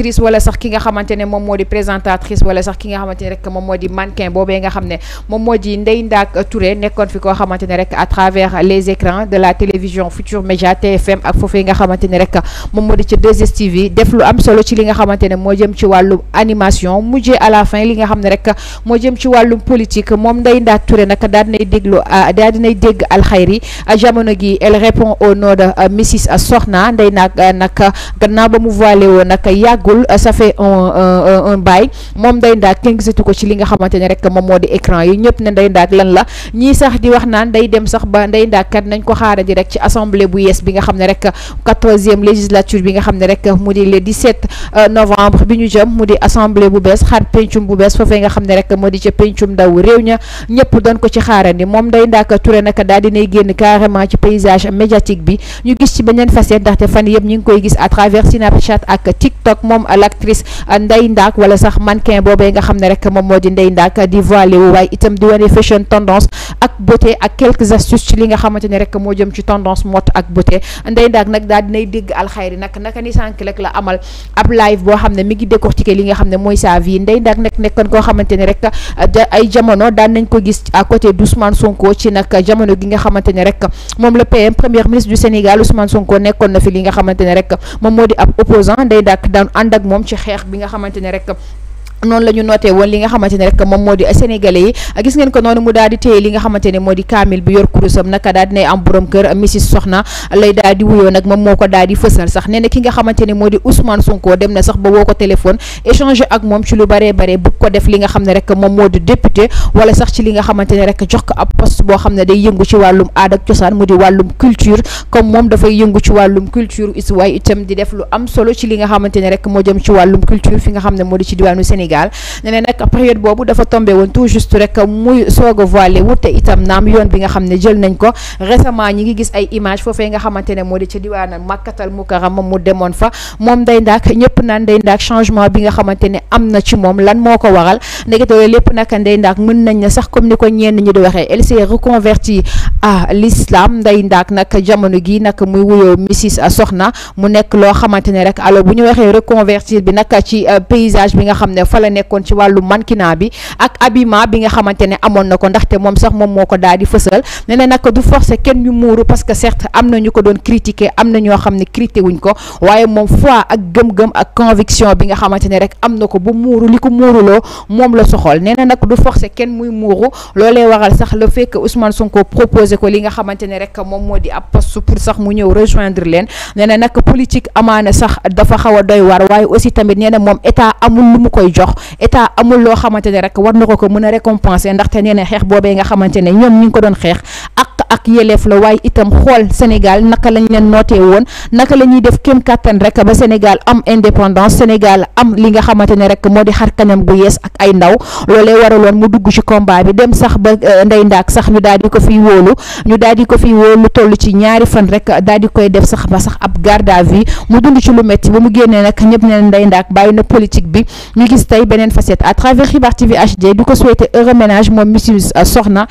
actrice wala sax ki nga xamante mom moom présentatrice wala sax ki nga xamante rek mom moo mannequin bobé nga xamné mom moom ndey ndak Touré nekkoon fi ko xamante rek à travers les écrans de la télévision Futur Média TFM ak fofé nga xamante rek mom moo ci ca 2 TV def lu am solo ci li nga xamante mo jëm ci wàllum animation mujjé à la fin li nga xamné rek mo jëm ci wàllum politique mom ndey ndak Touré nak daal dinay déglu ah, daal dinay dégg a ah, jamono gi elle répond au nom de ah, Mrs Sokhna ndey nak nak ganna ba mu voilé woon nag yàgg yàggul euh, ça fait un euh, un moom Ndeye Ndack kenn gisatu ko ci li nga xamante ne rek moom moo di écran yi ñëpp ne Ndeye Ndack lan la ñii sax di wax naan day dem sax ba Ndeye Ndack kat nañ ko xaara ci assemblée bu yees bi nga xam ne rek quatorzième législature bi nga xam ne rek mu di le 17 euh, novembre bi ñu jëm mu di assemblée bu bees xaar bu bees foofee nga xam ne rek moo di ca pencum ndaw réew ña ñëpp doon ko ci xaarandi moom Ndeye Ndack Touré naka daal dinay génn carrément ci paysage médiatique bi ñu gis ci beneen facette ndaxte fan yëpp ñu ngi koy gis à travers Snapchat ak TikTok moom moom l'actrice Ndeye Ndack wala sax mannequin boobee nga xam ne rek moom moo di Ndeye ci li nga xamante ne rek moo jëm ci tendance mode ak beauté Ndeye Ndack la amal ab ne mi ngi décortiquer li nga xam ne mooy sa vie Ndeye Ndack nag nekkoon koo xamante ne rek ay jamono daan nañ ko gis à côté d'Ousmane Sonko ci nag ne rek moom le PM premier ministre du Sénégal Ousmane Sonko nekkoon na fi li nga xamante rek moom moo di ab opposant Ndeye Ndack daan ànd ak moom ci xeex bi nga xamante ne rek noonu la ñu noté woon li nga xamante ne rek moom moo di gis ngeen ko noonu mu daal di téye li nga ne moo di kaamil bi yor kurusam naka daal dinay am borom kër nag moom moo ko daal di fësal sax nee na ki nga xamante ne moo di Ousmane Sonko dem na sax ko téléphone échanger ak moom ci lu baree bare bu ko def li xam ne rek moom moo di député wala sax ci li nga xamante ne rek jox ko ab poste boo xam ne day yëngu ci wàllum aada ak cosaan mu di wàllum culture comme moom dafay yëngu ci wàllum culture is waaye itam di def lu am solo ci li nga xamante ne rek moo jëm ci wàllum culture fi nga xam ne moo di ci diwaanu Sénégal Sénégal ne période boobu dafa tombé tout juste rek muy soog voilé wu itam nam yoon bi nga xamné jël nañ ko récemment ñi ngi gis ay image fofé nga xamante modi ci diwana ca mukaram mu démon fa mom day ndak ñepp naan day ndak changement bi nga xamante amna ci mom lan moko waral ndekete lépp nak day ndak mën nañ sax comme ni ko ñenn ñi di waxé elle s'est reconverti à l'islam day ndak nak jamono gi nak muy wuyoo Mrs Soxna mu nek lo xamante rek alors bu ñu waxé reconvertir bi nak ci euh, paysage bi nga xamné fa fa la nekkoon ci wàllu mannequinat bi ak habillement bi nga xamante ne amoon na ko ndaxte moom sax moom moo ko daal fësal ne ne du forcé kenn muuru parce que certes la soxol nee na nag du forcé kenn muy muuru loolee waral sax le fait que Ousmane Sonko proposé ko li nga xamante rek moom moo di ab poste pour sax mu ñëw rejoindre leen nee na nag amaana sax dafa xaw a doy waar waaye aussi tamit nee moom état amul lu mu koy jox dox état amul loo xamante ne rek war na ko ko mën a récompenser ndaxte nee na xeex boobee nga xamante ne ñoom ñu ngi ko doon xeex ak yeleef la waaye itam xool Sénégal naka lañu leen nootee woon naka la ñuy def kéem kàttan rek ba Sénégal am indépendance Sénégal am li nga xamante ne rek moo di xar kanam gu yees ak ay ndaw loolee waraloon mu dugg ci combat bi dem sax ba euh, ndey ndaak sax ñu daal di ko fiy wóolu ñu daal di ko fiy wóolu tollu ci ñaari fan rek daal di koy def sax ba sax ab garde à vue mu dund ci lu metti ba mu génnee nag ñëpp ne ndey ndaak bàyyi na politique bi ñu gis tey beneen facette à travers Xibaar TV HD di ko souhaiter heureux moom Miss euh, Soxna